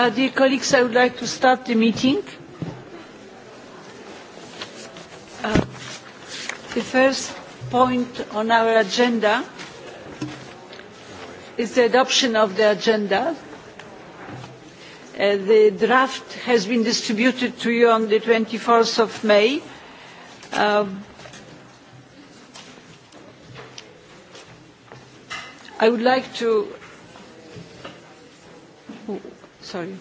Uh, dear colleagues, I would like to start the meeting. Uh, the first point on our agenda is the adoption of the agenda. Uh, the draft has been distributed to you on the 24th of May. Um, I would like to Sorry.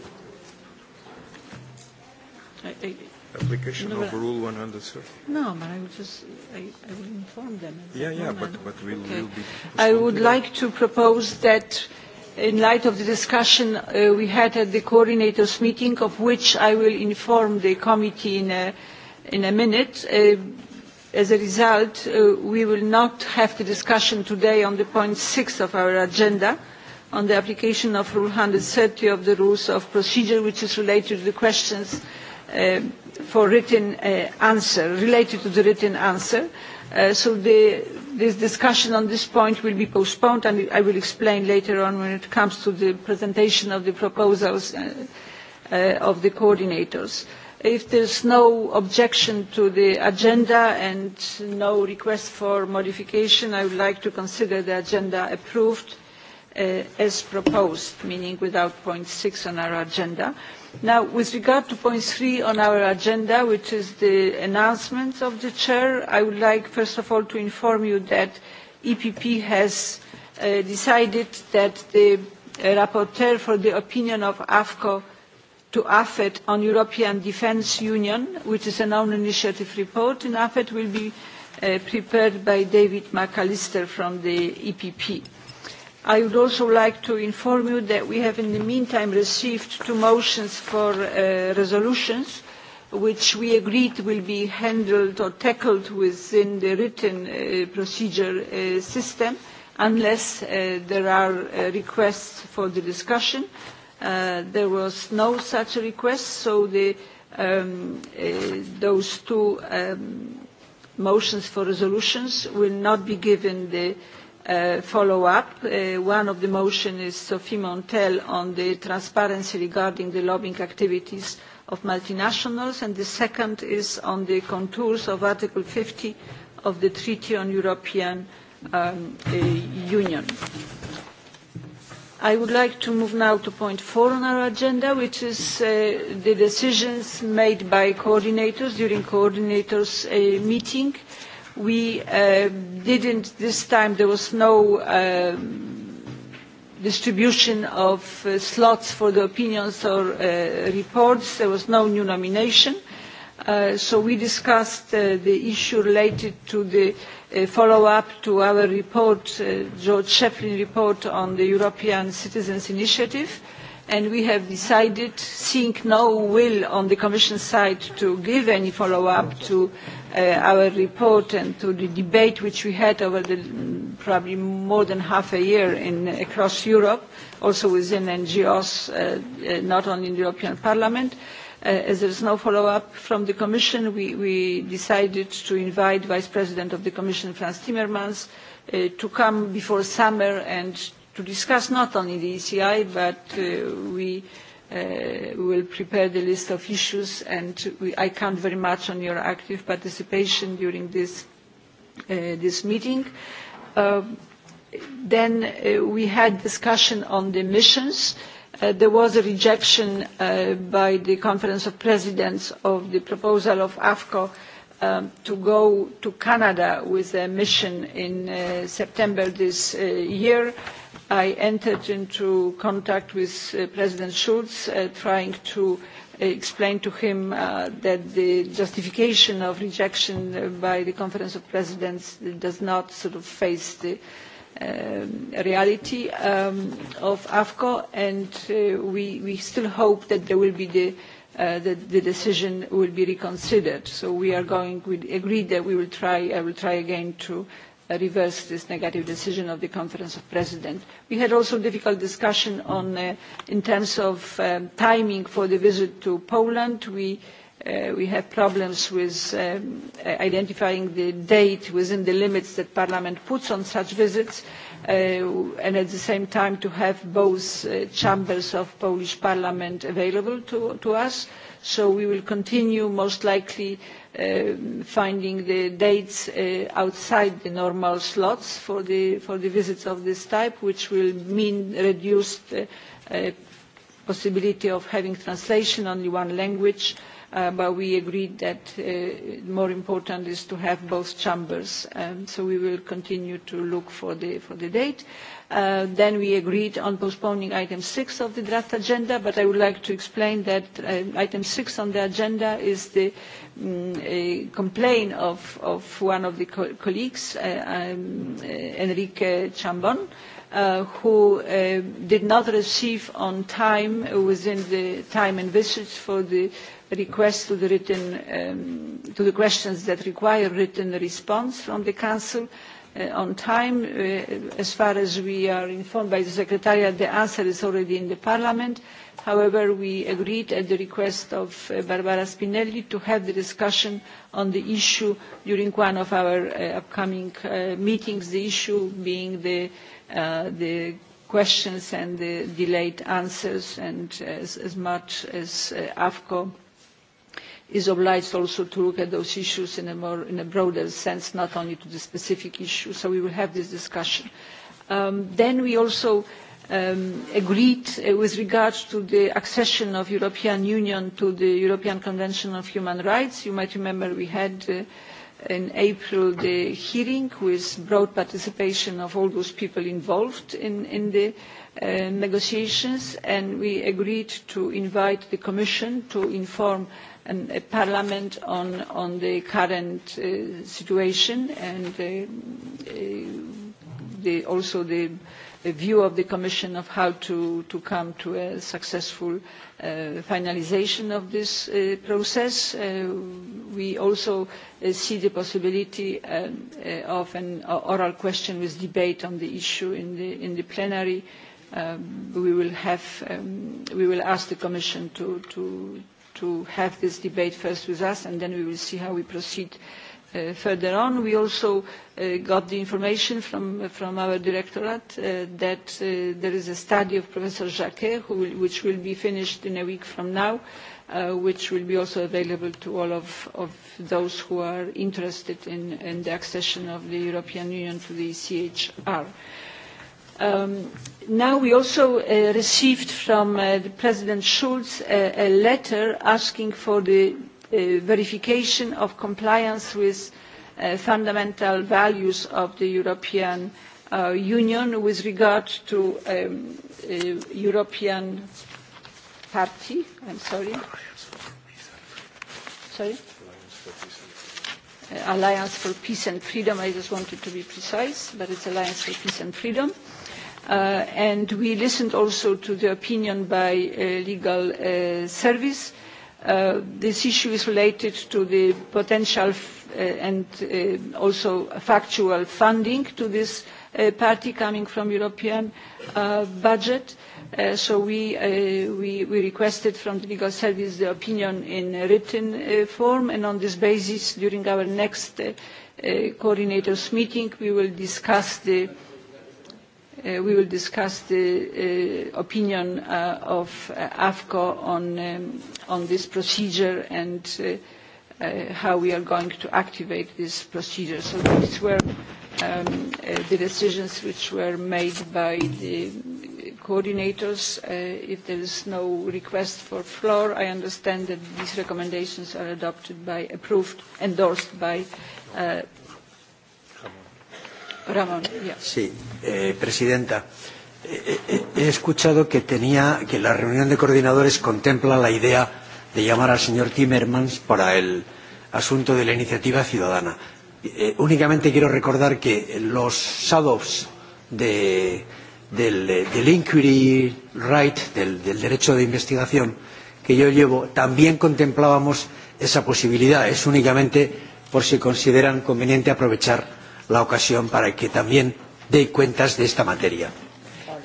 I, I, Application no, of Rule 130. No, but I will just, I, I will inform them. At yeah, yeah, but, but we'll, okay. we'll be. I would to like to propose that in light of the discussion uh, we had at the coordinators meeting, of which I will inform the committee in a, in a minute, uh, as a result, uh, we will not have the discussion today on the point six of our agenda, on the application of Rule 130 of the Rules of Procedure, which is related to the questions uh, for written uh, answer, related to the written answer. Uh, so the, this discussion on this point will be postponed, and I will explain later on when it comes to the presentation of the proposals uh, uh, of the coordinators. If there is no objection to the agenda and no request for modification, I would like to consider the agenda approved Uh, as proposed, meaning without point six on our agenda. Now, with regard to point three on our agenda, which is the announcements of the chair, I would like first of all to inform you that EPP has uh, decided that the uh, rapporteur for the opinion of AFCO to AFET on European Defence Union, which is an own initiative report in AFET, will be uh, prepared by David McAllister from the EPP. I would also like to inform you that we have in the meantime received two motions for uh, resolutions which we agreed will be handled or tackled within the written uh, procedure uh, system unless there are requests for the discussion. There was no such request, so um, those two um, motions for resolutions will not be given the Uh, follow-up. Uh, one of the motion is Sophie Montel on the transparency regarding the lobbying activities of multinationals, and the second is on the contours of Article 50 of the Treaty on European um, uh, Union. I would like to move now to point four on our agenda, which is the decisions made by coordinators during coordinators' meeting. We uh, didn't this time, there was no um, distribution of uh, slots for the opinions or uh, reports. There was no new nomination. Uh, so we discussed uh, the issue related to the uh, follow-up to our report, uh, George Shefflin report on the European Citizens Initiative. Uh, and we have decided, seeing no will on the Commission side to give any follow-up to uh, our report and to the debate which we had over the, probably more than half a year in, across Europe, also within NGOs, uh, uh, not only in the European Parliament. Uh, as there is no follow-up from the Commission, we, we decided to invite Vice President of the Commission, Frans Timmermans, uh, to come before summer and to discuss not only the ECI, but uh, we uh, will prepare the list of issues, and we, I count very much on your active participation during this, uh, this meeting. Uh, then uh, we had discussion on the missions. Uh, there was a rejection uh, by the Conference of Presidents of the proposal of AFCO um, to go to Canada with a mission in uh, September this uh, year. Uh, i entered into contact with uh, President Schulz, uh, trying to uh, explain to him that the justification of rejection by the Conference of Presidents does not face the um, reality um, of AFCO, and we, still hope that there will be the that the decision will be reconsidered. So we are going, we agreed that we will try, I will try again to reverse this negative decision of the Conference of Presidents. We had also difficult discussion on, uh, in terms of um, timing for the visit to Poland. We, uh, have problems with um, uh, identifying the date within the limits that Parliament puts on such visits. and at the same time to have both chambers of Polish Parliament available to, us. So we will continue most likely Uh, finding the dates uh, outside the normal slots for the, for the visits of this type, which will mean reduced uh, possibility of having translation, only one language. But we agreed that more important is to have both chambers. Um, so we will continue to look for the, for the date. Uh, then we agreed on postponing item six of the draft agenda but i would like to explain that uh, item six on the agenda is the mm, complaint of, one of the colleagues uh, um, enrique chambon who did not receive on time within the time envisaged for the request to the, written, um, to the questions that require written response from the council Uh, on time. Uh, as far as we are informed by the Secretariat, the answer is already in the Parliament. However, we agreed at the request of uh, Barbara Spinelli to have the discussion on the issue during one of our upcoming meetings, the issue being the, uh, the questions and the delayed answers and as, as much as AFCO is obliged also to look at those issues in a, more, in a broader sense, not only to the specific issue. So we will have this discussion. Um, then we also um, agreed uh, with regard to the accession of European Union to the European Convention of Human Rights. You might remember we had uh, in April the hearing with broad participation of all those people involved in, in the uh, negotiations and we agreed to invite the Commission to inform Parliament on, the current uh, situation and uh, uh, also the, view of the Commission of how to, come to a successful finalisation of this process. we also see the possibility um, of an oral question with debate on the issue in the, plenary. Um, um, we will ask the commission to have this debate first with us and then we will see how we proceed uh, further on. We also uh, got the information from, from our directorate uh, that uh, there is a study of Professor Jacquet who will, which will be finished in a week from now uh, which will be also available to all of, of those who are interested in, in the accession of the European Union to the ECHR. Um, now we also uh, received from uh, President Schulz a, uh, a, letter asking for the uh, verification of compliance with uh, fundamental values of the European Union with regard to um, European Party. I'm sorry. Sorry? Alliance for Peace and Freedom. I just wanted to be precise, but it's Alliance for Peace and Freedom. Uh, and we listened also to the opinion by the uh, legal uh, service. this issue is related to the potential and also factual funding to this party coming from the European budget. so we, we, requested from the legal service the opinion in written form and on this basis during our next coordinators meeting we will discuss the Uh, we will discuss the uh, opinion uh, of uh, AFCO on, um, on this procedure and uh, how we are going to activate this procedure. So these were um, the decisions which were made by the coordinators. If there is no request for floor, I understand that these recommendations are adopted by, approved, endorsed by Ramón. Yeah. Sí, eh, presidenta. Eh, eh, eh, he escuchado que, tenía, que la reunión de coordinadores contempla la idea de llamar al señor Timmermans para el asunto de la iniciativa ciudadana. Eh, únicamente quiero recordar que los shadows de, del, del inquiry right, del, del derecho de investigación que yo llevo, también contemplábamos esa posibilidad. Es únicamente por si consideran conveniente aprovechar la ocasión para que también dé cuentas de esta materia.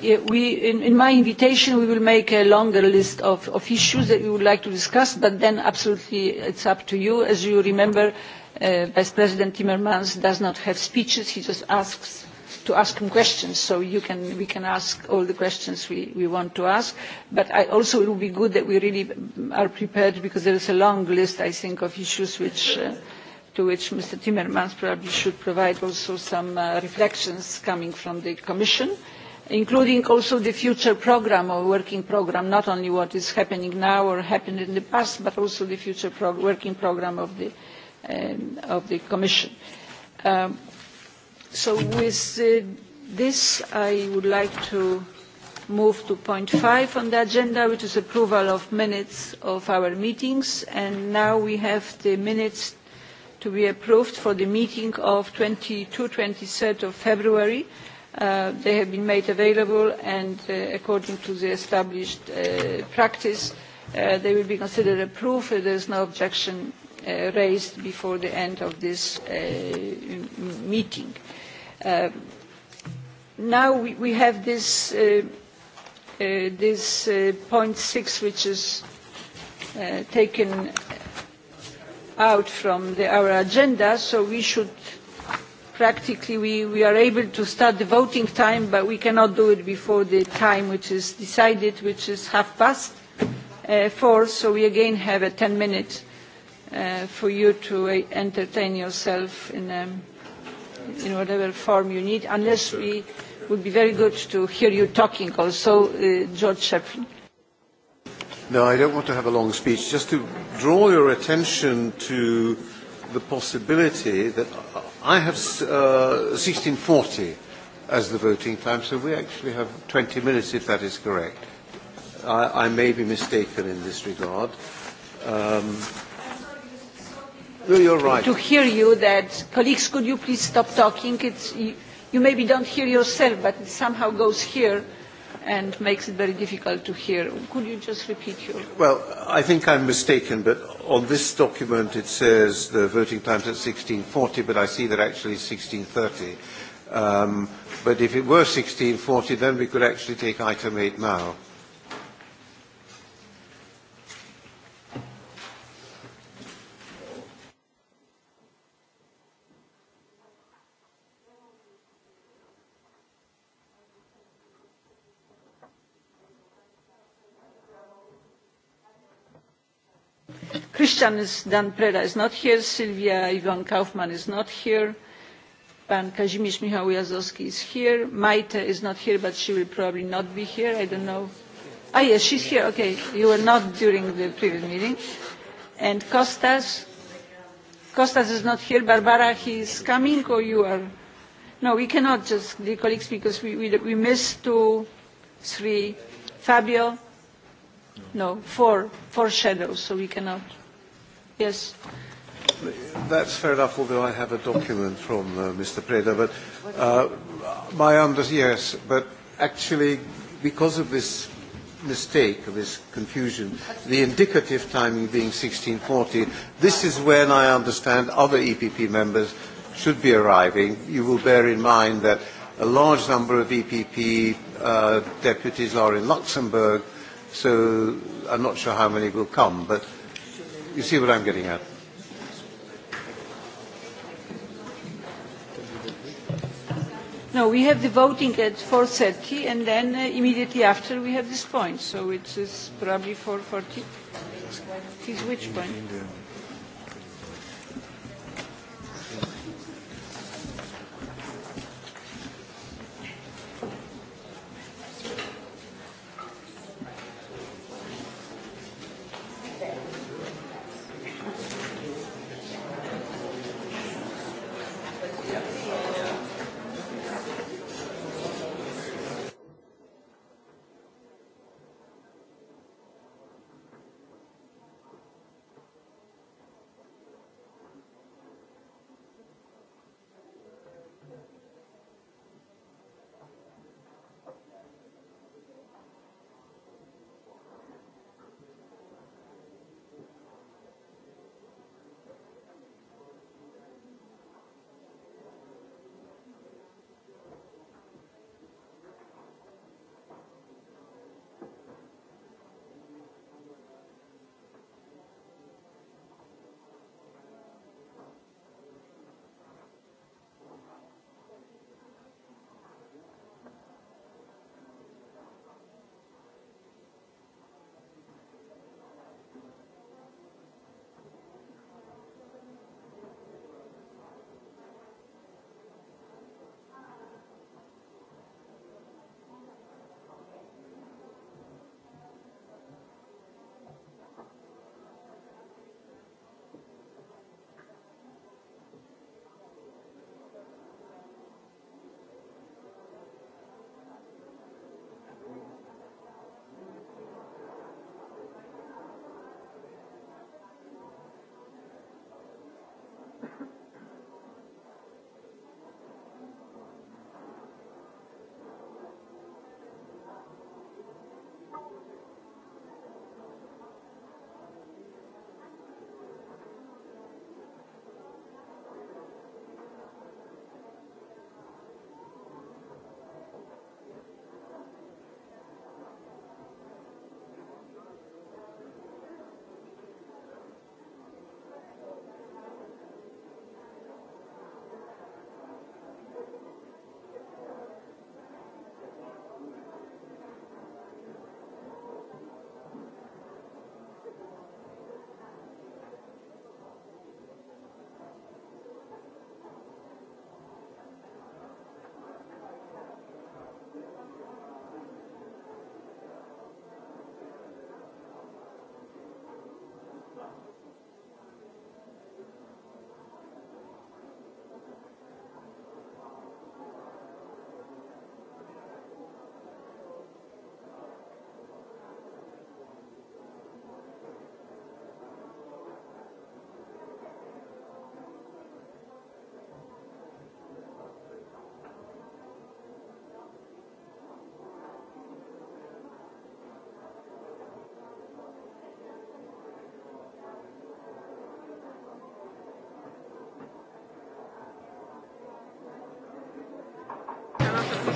Yeah, we, in, in my invitation, we will make a longer list of, of issues that we would like to discuss, but then absolutely it's up to you. As you remember, uh, Vice President Timmermans does not have speeches. He just asks to ask him questions, so you can, we can ask all the questions we, we want to ask. But I also it would be good that we really are prepared because there is a long list, I think, of issues which... Uh, to which Mr. Timmermans probably should provide also some uh, reflections coming from the Commission, including also the future programme or working programme, not only what is happening now or happened in the past, but also the future working programme um, of, the, Commission. Um, so with uh, this, I would like to move to point five on the agenda which is approval of minutes of our meetings and now we have the minutes to be approved for the meeting of 22 23rd of February. Uh, they have been made available and uh, according to the established uh, practice uh, they will be considered approved if there is no objection uh, raised before the end of this uh, meeting. Uh, now we, we have this, uh, uh, this uh, point six which is uh, taken out from our agenda, so we should practically we, are able to start the voting time, but we cannot do it before the time which is decided, which is half past uh, four. So we again have a 10 minutes uh, for you to uh, entertain yourself in, um, in whatever form you need, unless we would be very good to hear you talking also, uh, George Sheffield. No, I don't want to have a long speech. Just to draw your attention to the possibility that I have uh, 1640 as the voting time, so we actually have 20 minutes if that is correct. I, I may be mistaken in this regard. Um, no, you're right. To hear you, that colleagues, could you please stop talking? It's, you, you maybe don't hear yourself, but it somehow goes here and makes it very difficult to hear. Could you just repeat your... Well, I think I'm mistaken, but on this document it says the voting time's at 16.40, but I see that actually 16.30. Um, but if it were 16.40, then we could actually take item 8 now. Christian is, Dan Preda is not here. Sylvia Ivan Kaufman is not here. Pan Kazimierz Michał Jazowski is here. Maite is not here, but she will probably not be here. I don't know. Ah, yes, she's here. Okay, you were not during the previous meeting. And Costas, Costas is not here. Barbara, he is coming, or you are? No, we cannot just, dear colleagues, because we, we, we missed two, three. Fabio? No, four, four shadows, so we cannot. Yes. That's fair enough, although I have a document from uh, Mr. Preda. But uh, my under yes, but actually, because of this mistake, this confusion, the indicative timing being 1640, this is when I understand other EPP members should be arriving. You will bear in mind that a large number of EPP uh, deputies are in Luxembourg, so I'm not sure how many will come, but You see what I'm getting at. No, we have the voting at 4.30 and then uh, immediately after we have this point. So it is probably 4.40. It is which point?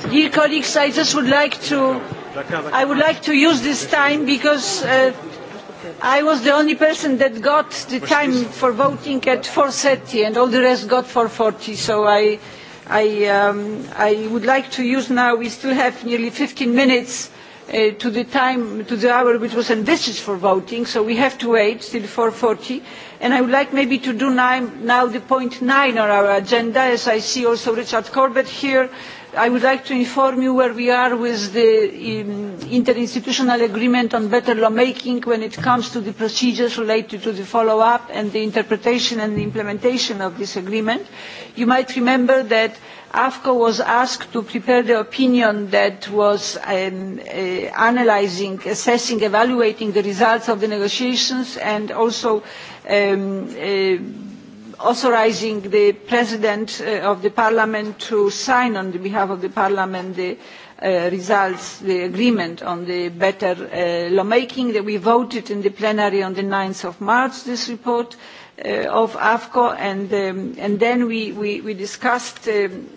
Dear colleagues, I just would like to, I would like to use this time because uh, I was the only person that got the time for voting at 4.30 and all the rest got 4.40. So I, I, um, I would like to use now, we still have nearly 15 minutes uh, to the time, to the hour which was envisaged for voting, so we have to wait till 4.40. And I would like maybe to do nine, now the point nine on our agenda, as I see also Richard Corbett here, i would like to inform you where we are with the um, interinstitutional agreement on better lawmaking when it comes to the procedures related to the follow-up and the interpretation and the implementation of this agreement. You might remember that afco was asked to prepare the opinion that was um, uh, analysing assessing evaluating the results of the negotiations and also um, uh, authorising the president uh, of the parliament to sign on behalf of the parliament the Uh, results the agreement on the better uh, lawmaking that we voted in the plenary on nine march this report uh, of afco and, um, then we, discussed um,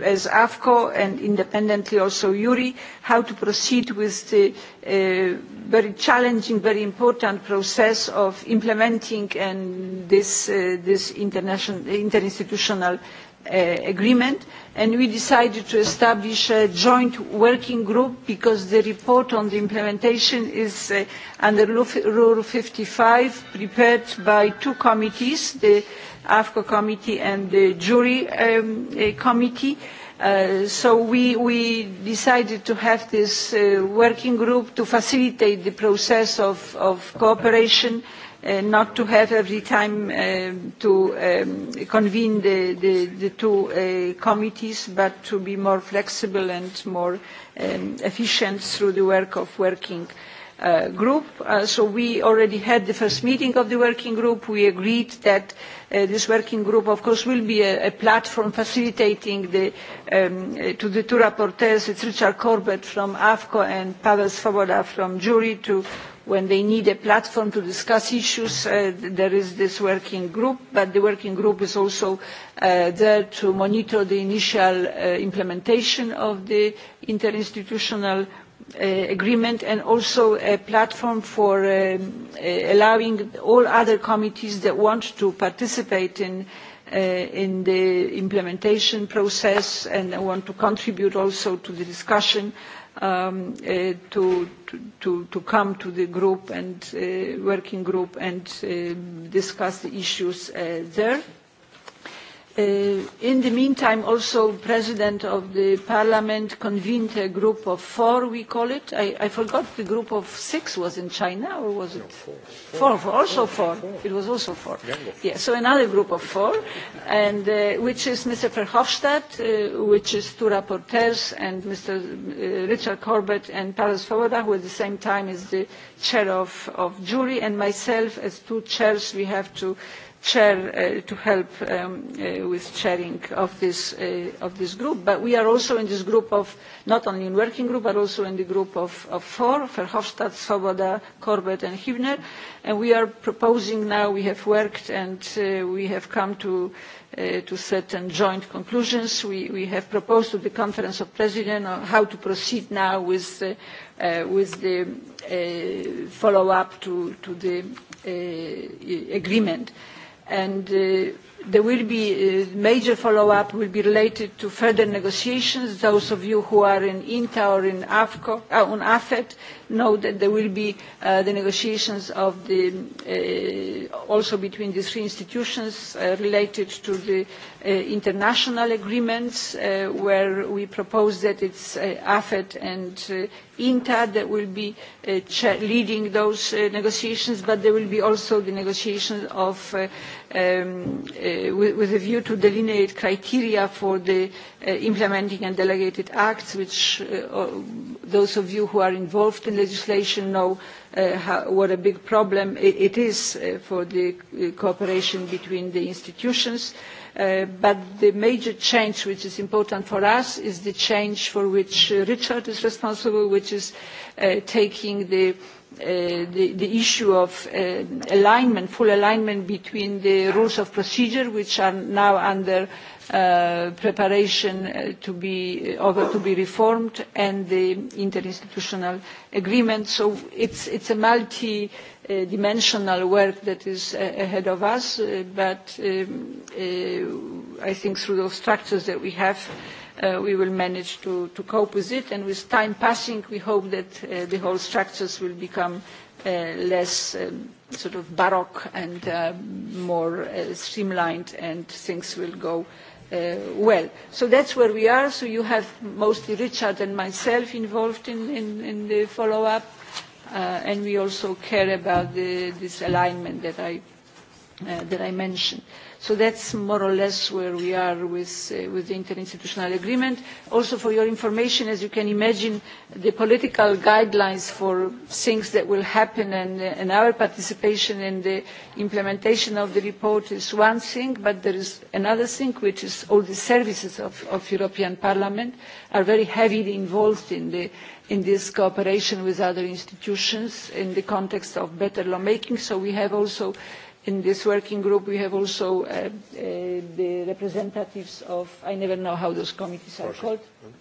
as afco and independently also juri how to proceed with the very challenging very important process of implementing this, this interinstitutional Uh, agreement and we decided to establish a joint working group because the report on the implementation is uh, under rule fifty five prepared by two committees the afco committee and the juri um, uh, committee uh, so we, we decided to have this uh, working group to facilitate the process of, of cooperation Uh, not to have every time uh, to um, convene the, two uh, committees, but to be more flexible and more um, efficient through the work of working group. so we already had the first meeting of the working group. We agreed that this working group, of course, will be a, platform facilitating the, um, to the two rapporteurs, it's Richard Corbett from AFCO and Pavel Svoboda from Jury, to when they need a platform to discuss issues uh, there is this working group but the working group is also uh, there to monitor the initial uh, implementation of the interinstitutional agreement and also a platform for um, allowing all other committees that want to participate in the implementation process and want to contribute also to the discussion um, uh, to, to, to come to the group and uh, working group and uh, discuss the issues uh, there. Uh, in the meantime, also President of the Parliament convened a group of four, we call it. I, forgot the group of six was in China, or was it? No, four. Four, also four. It was also four. Yes, yeah, so another group of four, and uh, which is Mr. Verhofstadt, uh, which is two rapporteurs, and Mr. Uh, Richard Corbett and Paris Fawoda, who at the same time is the chair of, of jury, and myself as two chairs, we have to chair uh, to help um, uh, with chairing uh, of this, group but we are also in this group of not only in working group but also in the group of, four verhofstadt swoboda corbett and hbner and we are proposing now we have worked and uh, we have come to, certain joint conclusions we, have proposed to the conference of presidents on how to proceed now with, the follow up to the agreement and uh, there will be uh, major follow-up will be related to further negotiations. Those of you who are in INTA or in AFCO, uh, on AFET, know that there will be uh, the negotiations of the, uh, also between the three institutions uh, related to the uh, international agreements uh, where we propose that it's uh, AFET and uh, INTA that will be uh, leading those uh, negotiations, but there will be also the negotiations of, uh, um, uh, with, with, a view to delineate criteria for the uh, implementing and delegated acts, which uh, those of you who are involved in legislation know uh, what a big problem it, is uh, for the uh, cooperation between the institutions. but the major change which is important for us is the change for which Richard is responsible, which is taking the issue of um, alignment, full alignment between the rules of procedure, which are now under Uh, preparation uh, to be uh, over to be reformed and the interinstitutional agreement so it's it's a multi dimensional work that is ahead of us but um, i think through those structures that we have we will manage to, cope with it and with time passing we hope that the whole structures will become less um, sort of baroque and more streamlined and things will go Uh, well. So that is where we are. So you have mostly Richard and myself involved in, in, in the follow-up, uh, and we also care about the, this alignment that I Uh, that I mentioned. So that's more or less where we are with, uh, with the interinstitutional agreement. Also for your information, as you can imagine, the political guidelines for things that will happen and, uh, and our participation in the implementation of the report is one thing, but there is another thing, which is all the services of, of European Parliament are very heavily involved in the in this cooperation with other institutions in the context of better lawmaking. So we have also in this working group we have also uh, uh, the representatives of i never know how those committees project. are called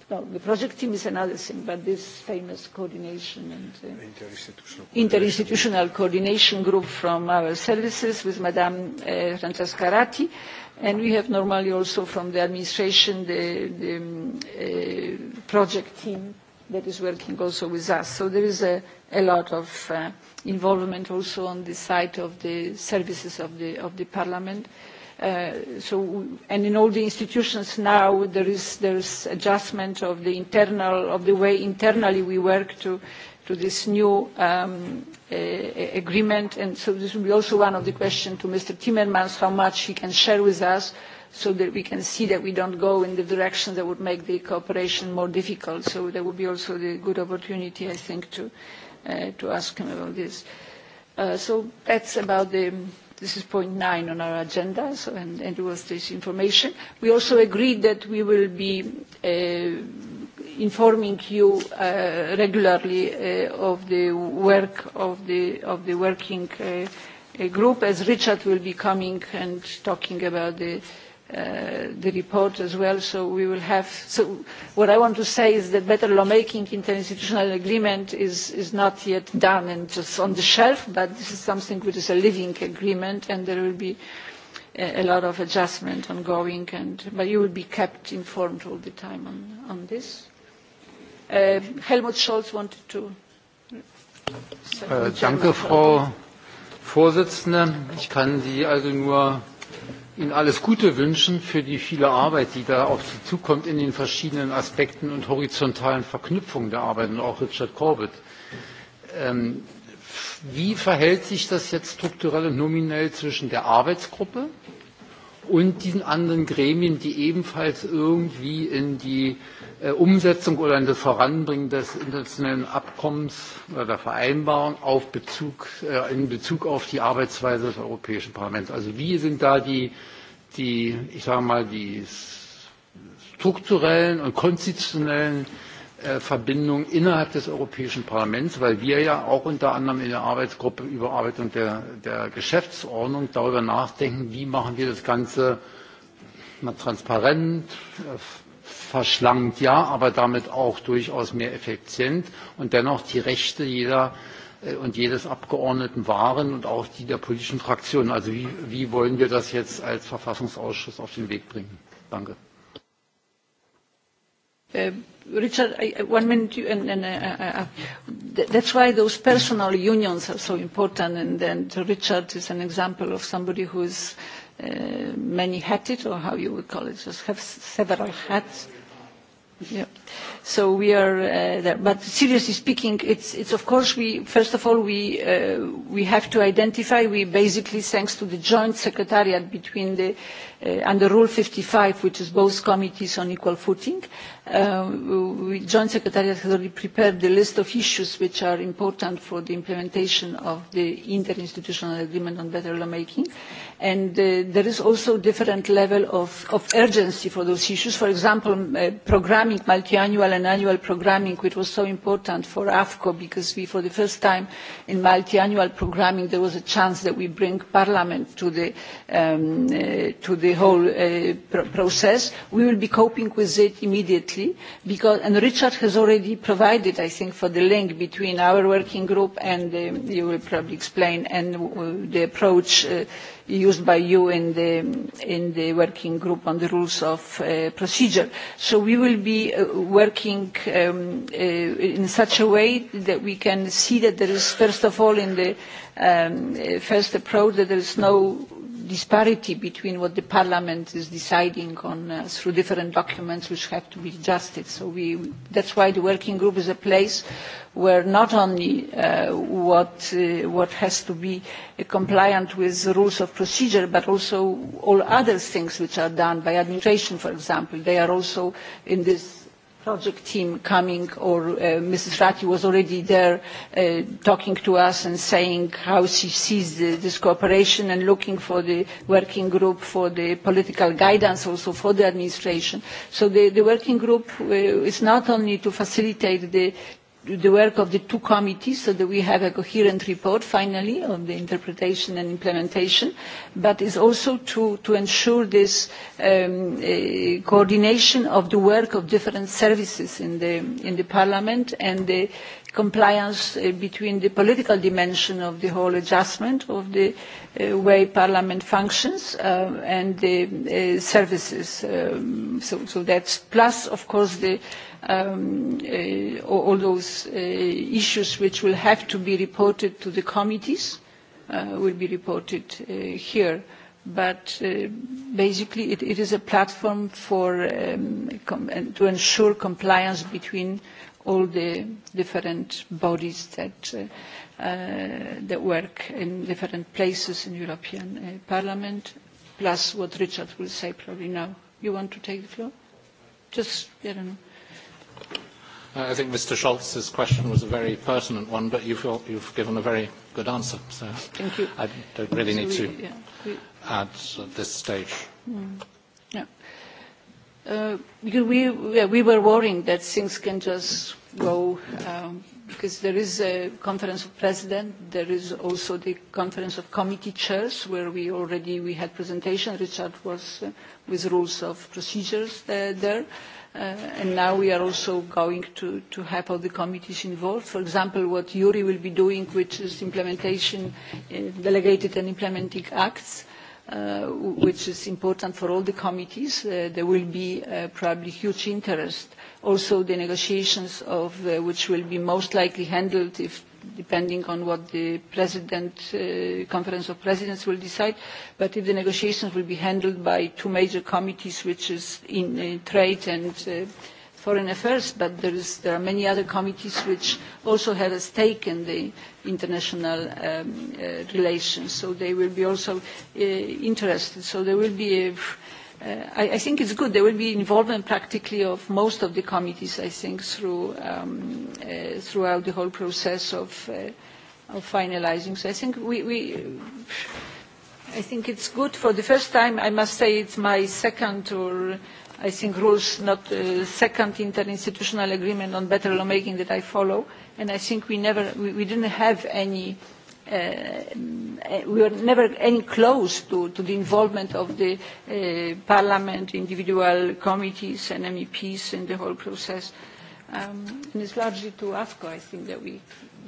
no the project team is another thing but this famous coordination and uh, interinstitutional, interinstitutional coordination group from our services with madame uh, francesca ratti and we have normally also from the administration the, the um, uh, project team that is working also with us so there is a, a lot of uh, involvement also on the side of the services of the, of the parliament. Uh, so, and in all the institutions now there is there's adjustment of the internal of the way internally we work to to this new um, uh, agreement and so this will be also one of the questions to mr timmermans how much he can share with us so that we can see that we don't go in the direction that would make the cooperation more difficult so there will be also the good opportunity i think to uh, to ask him about this. Uh, so that's about the, this is point nine on our agenda, so, and, and it was this information. We also agreed that we will be uh, informing you uh, regularly uh, of the work of the, of the working uh, group, as Richard will be coming and talking about the Uh, the report as well so we will have so what i want to say is that better lawmaking interinstitutional agreement is, is not yet done and just on the shelf but this is something which is a living agreement and there will be a, lot of adjustment ongoing and but you will be kept informed all the time on, on this uh, helmut scholz wanted to say äh, danke frau vorsitzende ich kann sie also nur Ihnen alles Gute wünschen für die viele Arbeit, die da auf Sie zukommt in den verschiedenen Aspekten und horizontalen Verknüpfungen der Arbeit und auch Richard Corbett. Ähm, wie verhält sich das jetzt strukturell und nominell zwischen der Arbeitsgruppe und diesen anderen Gremien, die ebenfalls irgendwie in die Äh, Umsetzung oder in das Voranbringen des internationalen Abkommens oder der Vereinbarung auf Bezug, äh, in Bezug auf die Arbeitsweise des Europäischen Parlaments. Also wie sind da die, die ich sage mal, die strukturellen und konstitutionellen äh, Verbindungen innerhalb des Europäischen Parlaments, weil wir ja auch unter anderem in der Arbeitsgruppe Überarbeitung der, der Geschäftsordnung darüber nachdenken, wie machen wir das Ganze transparent, äh, verschlankt ja, aber damit auch durchaus mehr effizient und dennoch die Rechte jeder äh, und jedes Abgeordneten wahren und auch die der politischen Fraktionen. Also wie, wie wollen wir das jetzt als Verfassungsausschuss auf den Weg bringen? Danke. Uh, Richard, I, one minute, and, and uh, uh, uh that's why those personal unions are so important, and, and Richard is an example of somebody who is uh, many-hatted, or how you would call it, just have several hats So we are uh, there. But seriously speaking, it's, it's of course we, first of all, we, uh, we have to identify, we basically, thanks to the joint secretariat between the, uh, under Rule 55, which is both committees on equal footing, uh, we, joint secretariat has already prepared the list of issues which are important for the implementation of the interinstitutional agreement on better lawmaking. And uh, there is also different level of, of urgency for those issues. For example, uh, programming programming, multiannual and annual programming, which was so important for AFCO because we, for the first time in multiannual programming, there was a chance that we bring Parliament to the, um, uh, whole uh, process. We will be coping with it immediately because, and Richard has already provided, I think, for the link between our working group and, um, you will probably explain, and the approach uh, used by you in the, in the working group on the rules of uh, procedure. So we will be uh, working um, uh, in such a way that we can see that there is, first of all, in the um, uh, first approach, that there is no disparity between what the parliament is deciding on uh, through different documents which have to be adjusted. So is that's why the working group is a place where not only uh, uh, what, has to be compliant with the rules of procedure, but also all other things which are done by administration, for example. They are also in this project team coming or uh, Mrs. Ratti was already there uh, talking to us and saying how she sees the, this cooperation and looking for the working group for the political guidance also for the administration. So the, the working group uh, is not only to facilitate the the work of the two committees so that we have a coherent report finally on the interpretation and implementation but is also to, ensure this um, uh, coordination of the work of different services in the, parliament and the compliance uh, between the political dimension of the whole adjustment of the uh, way parliament functions and the services um, so, so that's plus of course the um, uh, all those uh, issues which will have to be reported to the committees uh, will be reported uh, here. But uh, basically, it, it is a platform for um, com uh, to ensure compliance between all the different bodies that, uh, uh, that work in different places in European uh, Parliament, plus what Richard will say probably now. You want to take the floor? Just, I don't know. Uh, I think Mr. Schultz's question was a very pertinent one, but you've, you've given a very good answer. So Thank you. I don't really need to yeah, add at this stage. Mm, yeah. Uh, because we, we were worrying that things can just go, um, because there is a conference of president, there is also the conference of committee chairs where we already we had presentation. Richard was uh, with rules of procedures uh, there. Uh, Uh, and now we are also going to, to have all the committees involved. For example, what Yuri will be doing, which is implementation, uh, delegated and implementing acts, uh, which is important for all the committees. Uh, there will be uh, probably huge interest. Also, the negotiations of uh, which will be most likely handled if depending on what the president, uh, conference of presidents will decide, but if the negotiations will be handled by two major committees, which is in uh, trade and uh, foreign affairs, but there, is, there are many other committees which also have a stake in the international um, uh, relations, so they will be also uh, interested. So there will be a Uh, I, I think it's good. There will be involvement practically of most of the committees, I think, through, um, uh, throughout the whole process of, uh, of finalizing. So I think we, we, I think it's good. For the first time, I must say it's my second or I think rules, not uh, second interinstitutional agreement on better lawmaking that I follow. And I think we never, we, we didn't have any Uh, we were never any close to, to the involvement of the uh, parliament, individual committees and MEPs in the whole process. Um, and it's largely to AFCO, I think, that we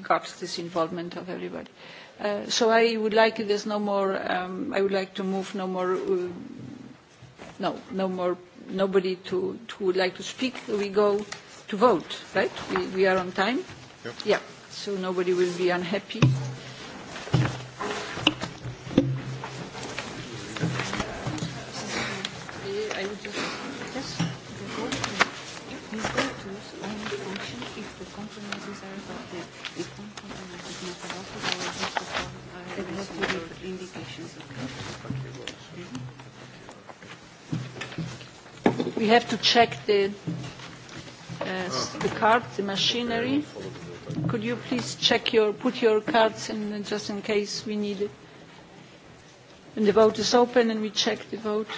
got this involvement of everybody. Uh, so I would like, if there's no more, um, I would like to move no more, uh, no, no more, nobody to, to would like to speak. We go to vote, right? We, we are on time? Yep. Yeah. So nobody will be unhappy. We have to check the, uh, the card, the machinery. Could you please check your, put your cards in just in case we need it. when the vote is open and we check the vote.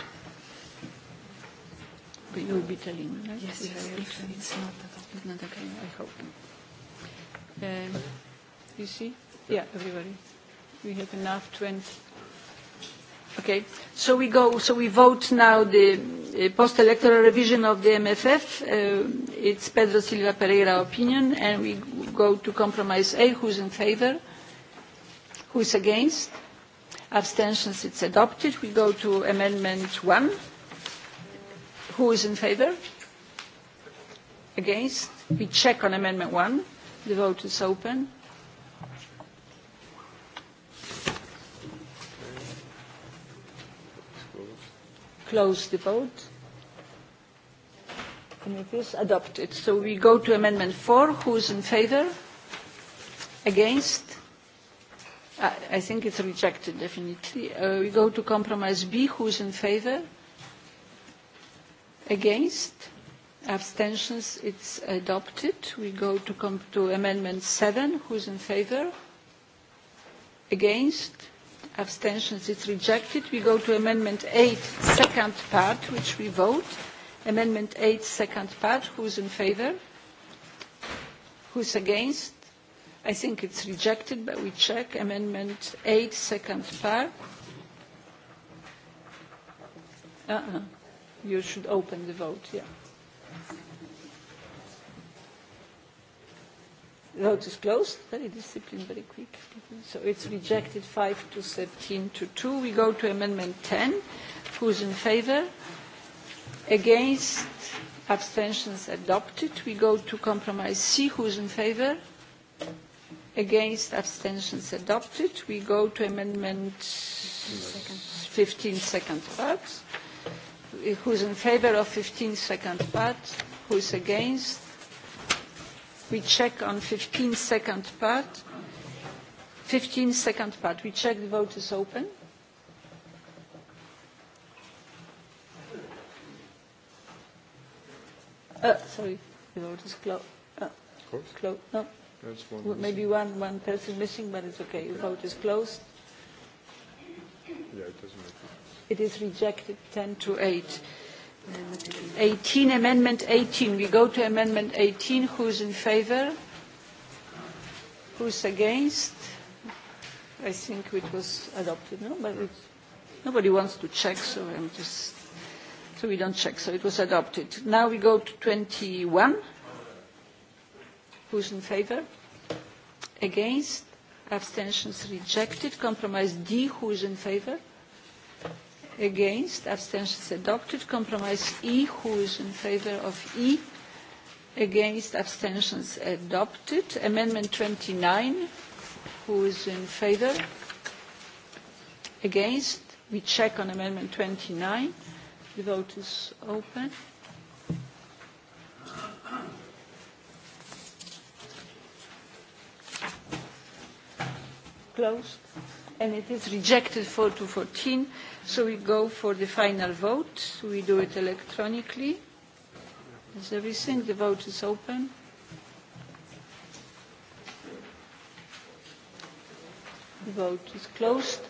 But you will be telling me, right? Yes, yes. yes. it's not, it's not okay, I hope. Okay. You see? Yeah, everybody. We have enough 20. Okay. So we go, so we vote now the uh, post-electoral revision of the MFF. Uh, it's Pedro Silva Pereira opinion, and we go to compromise A. Who's in favor? Who's against? Abstentions, it's adopted. We go to amendment one, Who is in favor? Against? We check on amendment one, The vote is open. Close the vote. And it is adopted. So we go to Amendment 4. Who is in favour? Against? I, I think it's rejected, definitely. Uh, we go to Compromise B. Who is in favour? Against? abstentions it's adopted we go to come to amendment seven. who's in favor against abstentions it's rejected we go to amendment eight, second part which we vote amendment eight, second part who's in favor who's against i think it's rejected but we check amendment eight, second part uh -uh. you should open the vote yeah Vote is closed. Very disciplined, very quick. So it's rejected 5 to 17 to 2. We go to Amendment 10. Who's in favour? Against? Abstentions adopted. We go to Compromise C. Who's in favour? Against? Abstentions adopted. We go to Amendment 15, second parts who's in favour of 15 second part Who is against we check on 15 second part 15 second part we check the vote is open uh, sorry the vote is closed uh, closed no one well, maybe one one person missing but it's okay the vote is closed yeah it doesn't matter it is rejected 10 to 8. 18, amendment 18. We go to amendment 18. is in favor? is against? I think it was adopted, no? But it, nobody wants to check, so I'm just... So we don't check, so it was adopted. Now we go to 21. Who's in favor? Against? Abstentions rejected. Compromise D. Who is in favor? against abstentions adopted compromise e who is in favor of e against abstentions adopted amendment 29 who is in favor against we check on amendment 29 the vote is open closed and it is rejected 4 to 14. So we go for the final vote. We do it electronically. Is everything? The vote is open. The vote is closed.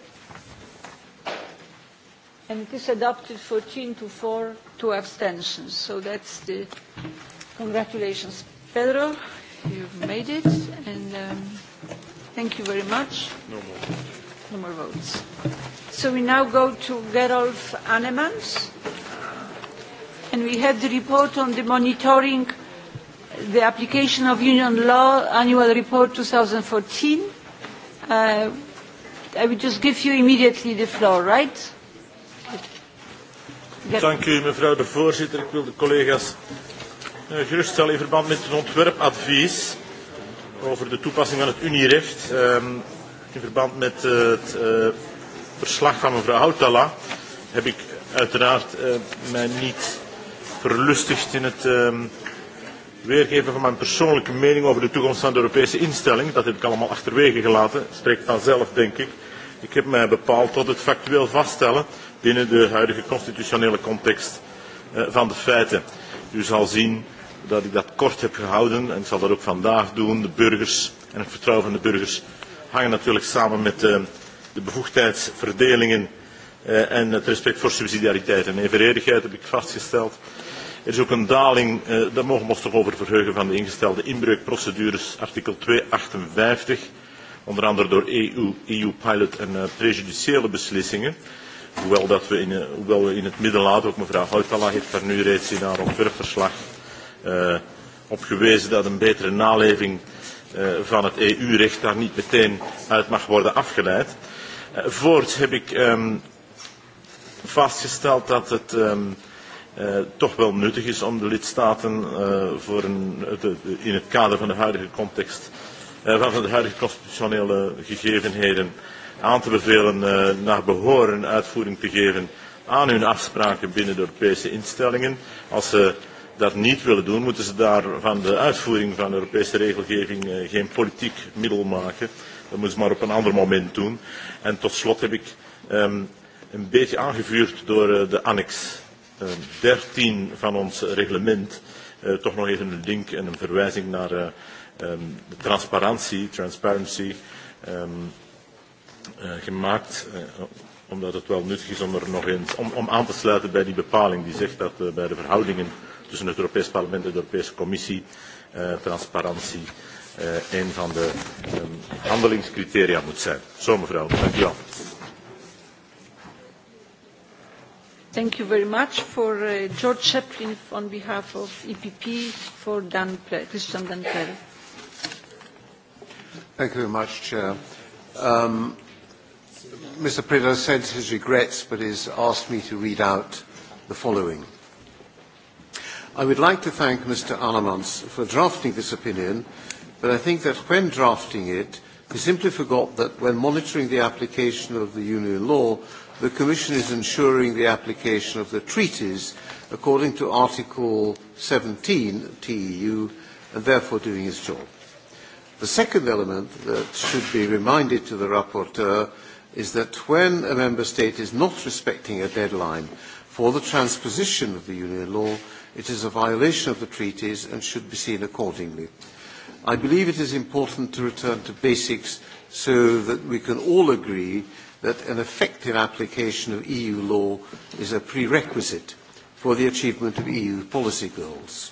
And it is adopted 14 to 4, two abstentions. So that's the congratulations, Pedro. You've made it. And um, thank you very much. No more more votes. we now go to Gerolf Annemans. And we have the report on the monitoring the application of union law annual report 2014. Uh, I will just give you immediately the floor, right? Get... Dank mevrouw de voorzitter. Ik wil de collega's eh, geruststellen in verband met het ontwerpadvies over de toepassing van het Unierecht. Ehm, in verband met eh, het eh, verslag van mevrouw Houtala heb ik uiteraard eh, mij niet verlustigd in het ehm, weergeven van mijn persoonlijke mening over de toekomst van de Europese instelling. Dat heb ik allemaal achterwege gelaten, spreekt vanzelf denk ik. Ik heb mij bepaald tot het factueel vaststellen binnen de huidige constitutionele context van de feiten. U zal zien dat ik dat kort heb gehouden en ik zal dat ook vandaag doen. De burgers en het vertrouwen van de burgers hangen natuurlijk samen met de, eh, de bevoegdheidsverdelingen uh, en het respect voor subsidiariteit en evenredigheid heb ik vastgesteld. Er is ook een daling, uh, daar mogen we ons toch over verheugen, van de ingestelde inbreukprocedures, artikel 258, onder andere door EU, EU-pilot en uh, prejudiciële beslissingen. Hoewel, dat we in, uh, hoewel we in het midden laten, ook mevrouw Houtala heeft daar nu reeds in haar ontwerpverslag uh, op gewezen dat een betere naleving Eh, van het EU-recht daar niet meteen uit mag worden afgeleid. Eh, voorts heb ik um, vastgesteld dat het um, uh, toch wel nuttig is om de lidstaten uh, voor een, de, in het kader van de huidige context uh, van de huidige constitutionele gegevenheden aan te bevelen uh, naar behoren uitvoering te geven aan hun afspraken binnen de Europese instellingen. Als ze uh, dat niet willen doen, moeten ze daar van de uitvoering van de Europese regelgeving eh, geen politiek middel maken. Dat moeten ze maar op een ander moment doen. En tot slot heb ik um, een beetje aangevuurd door uh, de annex uh, ehm, 13 van ons reglement uh, toch nog even een link en een verwijzing naar uh, um, de transparantie, transparency, um, uh, gemaakt. Uh, omdat het wel nuttig is om er nog eens om, om aan te sluiten bij die bepaling die zegt dat uh, bij de verhoudingen tussen het Europees Parlement en de Europese Commissie uh, transparantie uh, een van de um, handelingscriteria moet zijn. Zo mevrouw, dank u wel. Thank you very much for uh, George Chaplin on behalf of EPP for Dan Pre Christian Dan Pre. Thank you very much, Chair. Um, Mr. Prida sends his regrets, but has asked me to read out the following. I would like to thank Mr. Alamans for drafting this opinion, but I think that when drafting it, he simply forgot that when monitoring the application of the Union law, the Commission is ensuring the application of the treaties according to Article 17 of TEU and therefore doing his job. The second element that should be reminded to the rapporteur is that when a member state is not respecting a deadline for the transposition of the union law, it is a violation of the treaties and should be seen accordingly. I believe it is important to return to basics so that we can all agree that an effective application of EU law is a prerequisite for the achievement of EU policy goals.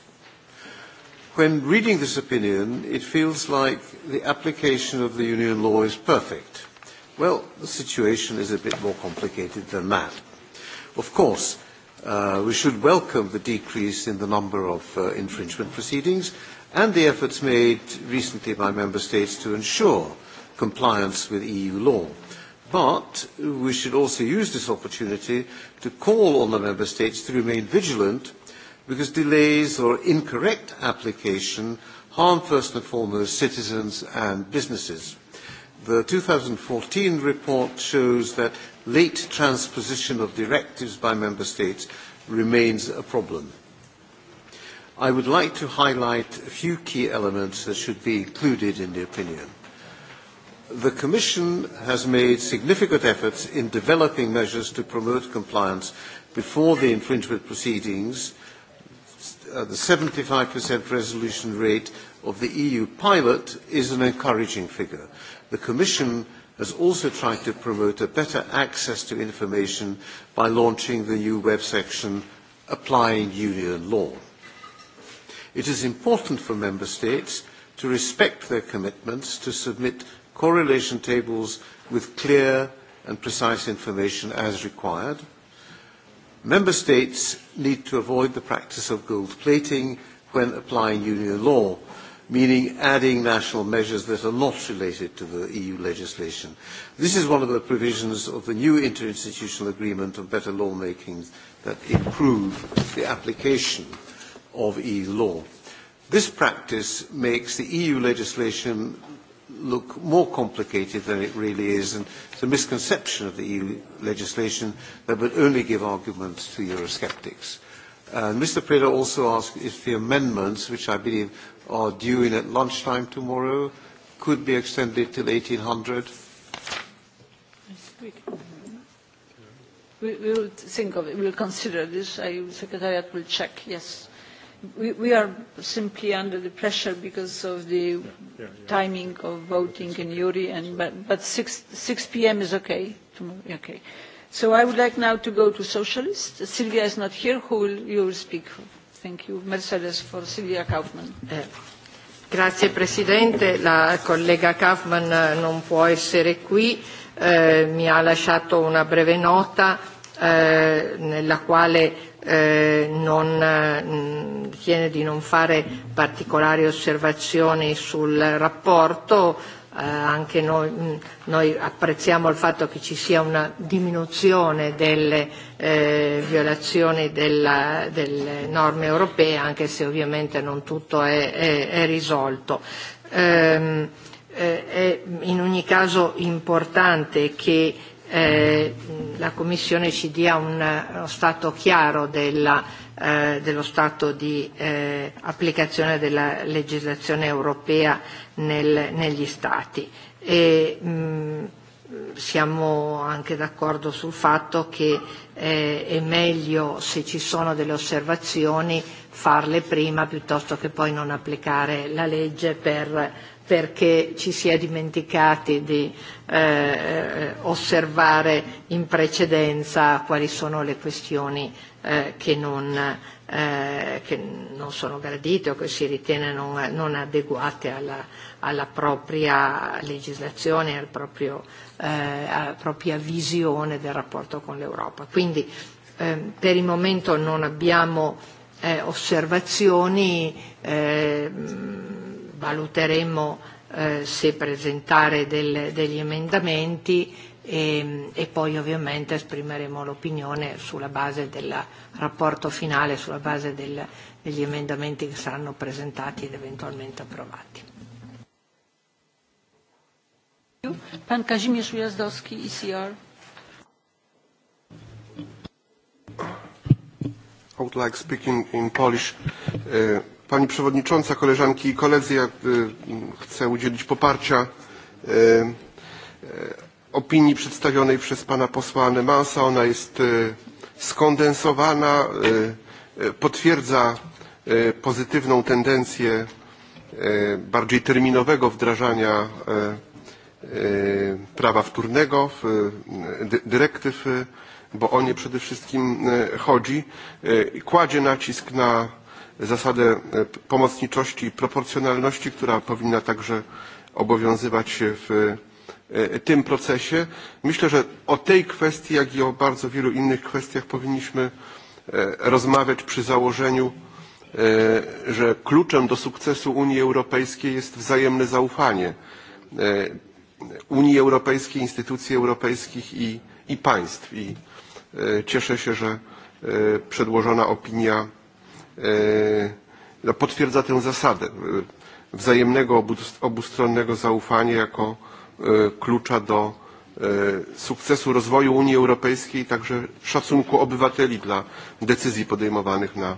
When reading this opinion, it feels like the application of the Union law is perfect. Well, the situation is a bit more complicated than that. Of course, uh, we should welcome the decrease in the number of uh, infringement proceedings and the efforts made recently by member states to ensure compliance with EU law. But we should also use this opportunity to call on the member states to remain vigilant because delays or incorrect application harm first and foremost citizens and businesses. The 2014 report shows that late transposition of directives by Member States remains a problem. I would like to highlight a few key elements that should be included in the opinion. The Commission has made significant efforts in developing measures to promote compliance before the infringement proceedings. Uh, the 75% resolution rate of the EU pilot is an encouraging figure, the Commission has also tried to promote a better access to information by launching the new web section Applying Union Law. It is important for Member States to respect their commitments to submit correlation tables with clear and precise information as required. Member States need to avoid the practice of gold plating when applying union law, meaning adding national measures that are not related to the EU legislation. This is one of the provisions of the new interinstitutional agreement on better lawmaking that improve the application of EU law. This practice makes the EU legislation look more complicated than it really is, and it's a misconception of the EU legislation that would only give arguments to Eurosceptics. Uh, Mr. Preda also asked if the amendments, which I believe are due in at lunchtime tomorrow, could be extended till 1800. We, we will think of it. We will consider this. I, Secretariat will check. Yes. We, we are simply under the pressure because of the yeah, yeah, yeah. timing of voting in Yuri, and, but, but 6, 6 p.m. is okay. Tomorrow, okay. So I would like now to go to socialists. Sylvia is not here. Who will you will speak? For? Thank you. Mercedes for Sylvia Kaufman. Eh, grazie Presidente. La collega Kaufman eh, non può essere qui. Eh, mi ha lasciato una breve nota eh, nella quale eh, non, mh, ritiene di non fare particolari osservazioni sul rapporto eh, anche noi, mm, noi apprezziamo il fatto che ci sia una diminuzione delle eh, violazioni della, delle norme europee, anche se ovviamente non tutto è, è, è risolto. Eh, eh, è in ogni caso importante che eh, la Commissione ci dia un, uno stato chiaro della eh, dello stato di eh, applicazione della legislazione europea nel, negli Stati. E, mh, siamo anche d'accordo sul fatto che eh, è meglio se ci sono delle osservazioni farle prima piuttosto che poi non applicare la legge per perché ci si è dimenticati di eh, eh, osservare in precedenza quali sono le questioni eh, che, non, eh, che non sono gradite o che si ritiene non, non adeguate alla, alla propria legislazione, al proprio, eh, alla propria visione del rapporto con l'Europa. Quindi eh, per il momento non abbiamo eh, osservazioni. Eh, valuteremo eh, se presentare del, degli emendamenti e, e poi ovviamente esprimeremo l'opinione sulla base del rapporto finale, sulla base del, degli emendamenti che saranno presentati ed eventualmente approvati. Pan Kazimierz Ujazdowski, ECR. I would like speaking in Polish. Uh, Pani Przewodnicząca, koleżanki i koledzy, ja chcę udzielić poparcia opinii przedstawionej przez pana posła Anemansa. Ona jest skondensowana, potwierdza pozytywną tendencję bardziej terminowego wdrażania prawa wtórnego, dyrektyw, bo o nie przede wszystkim chodzi. Kładzie nacisk na zasadę e, pomocniczości i proporcjonalności, która powinna także obowiązywać w e, e, tym procesie. Myślę, że o tej kwestii, jak i o bardzo wielu innych kwestiach powinniśmy rozmawiać przy założeniu, że kluczem do sukcesu Unii Europejskiej jest wzajemne zaufanie Unii Europejskiej, instytucji europejskich i, i państw. I cieszę się, że przedłożona opinia E, no, potwierdza tę zasadę e, wzajemnego obustronnego zaufania jako e, klucza do sukcesu rozwoju Unii Europejskiej, także szacunku obywateli dla decyzji podejmowanych na,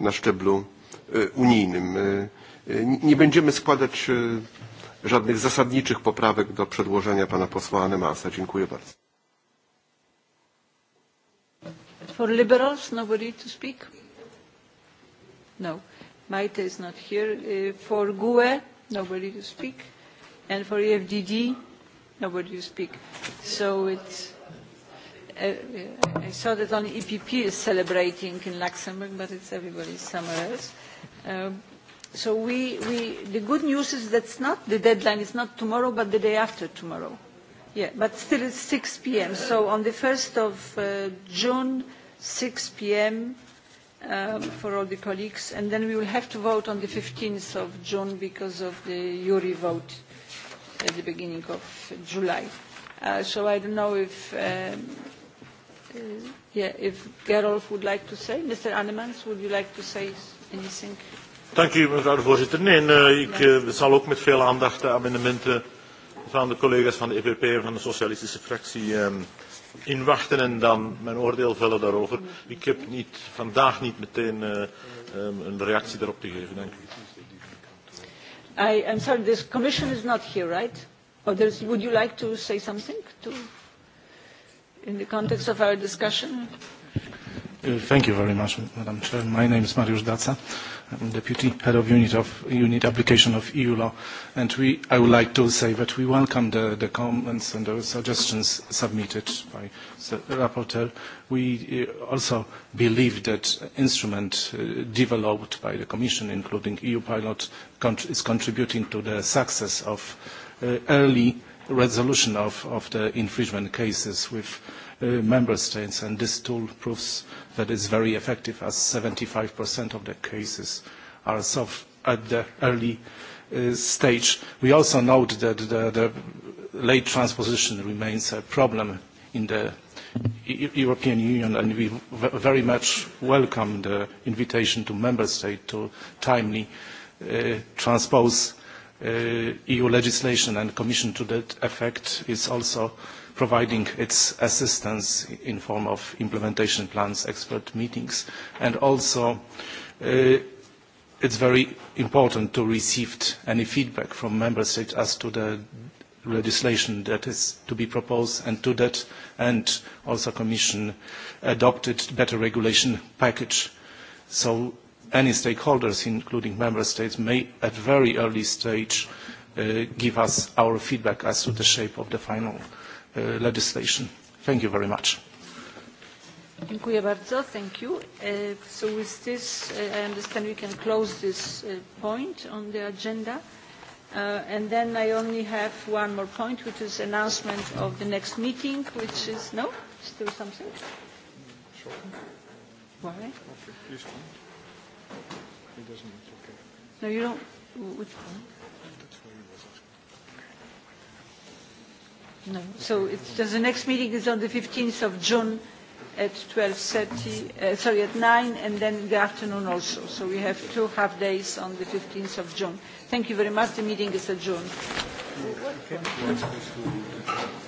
na szczeblu unijnym. Nie będziemy składać żadnych zasadniczych poprawek do przedłożenia pana posła Anemasa. Dziękuję bardzo. For liberals, nobody to speak? No. Maite is not here. Uh, for GUE, nobody to speak. And for EFDD, nobody to speak. So it's... Uh, uh I saw that only EPP is celebrating in Luxembourg, but it's everybody somewhere else. Um, so we, we, the good news is that's not the deadline. It's not tomorrow, but the day after tomorrow. Yeah, but still it's 6 p.m. So on the 1st of uh, June, 6 p.m., Um, for all the colleagues. And then we will have to vote on the 15th of June because of the URI vote at the beginning of July. Uh, so I don't know if, um, uh, yeah, if Gerolf would like to say. Mr. Annemans, would you like to say anything? Dank u, mevrouw de voorzitter. Nee, uh, ik uh, zal ook met veel aandacht de amendementen van de collega's van de EPP en van de socialistische fractie um, uh, inwachten en dan mijn oordeel vellen daarover. Ik heb niet, vandaag niet meteen uh, um, een reactie daarop te geven. Dank u. I'm sorry, this commission is not here, right? Oh, would you like to say something to, in the context of our discussion? Thank you very much, Madam Chair. My name is Mariusz Daca. I'm Deputy Head of Unit of Unit Application of EU Law. And we, I would like to say that we welcome the, the comments and the suggestions submitted by the rapporteur. We uh, also believe that instrument uh, developed by the Commission, including EU pilot, is contributing to the success of uh, early resolution of, of the infringement cases with Uh, member states, and this tool proves that it's very effective as 75% of the cases are solved at the early uh, stage. We also note that the, the late transposition remains a problem in the e, e- European Union, and we very much welcome the invitation to member states to timely uh, transpose uh, EU legislation, and Commission to that effect is also providing its assistance in form of implementation plans, expert meetings, and also uh, it's very important to receive any feedback from member states as to the legislation that is to be proposed and to that and also commission adopted better regulation package so any stakeholders including member states may at very early stage uh, give us our feedback as to the shape of the final Uh, legislation. Thank you very much. Dziękuję bardzo. Thank you. Uh, so with this, uh, I understand we can close this uh, point on the agenda. Uh, and then I only have one more point, which is announcement of the next meeting, which is, no? Still something? Why? No, you don't, which one? No, so it's just the next meeting is on the 15th of June at 12.30, uh, sorry, at 9, and then in the afternoon also. So we have two half days on the 15th of June. Thank you very much. The meeting is adjourned. Okay.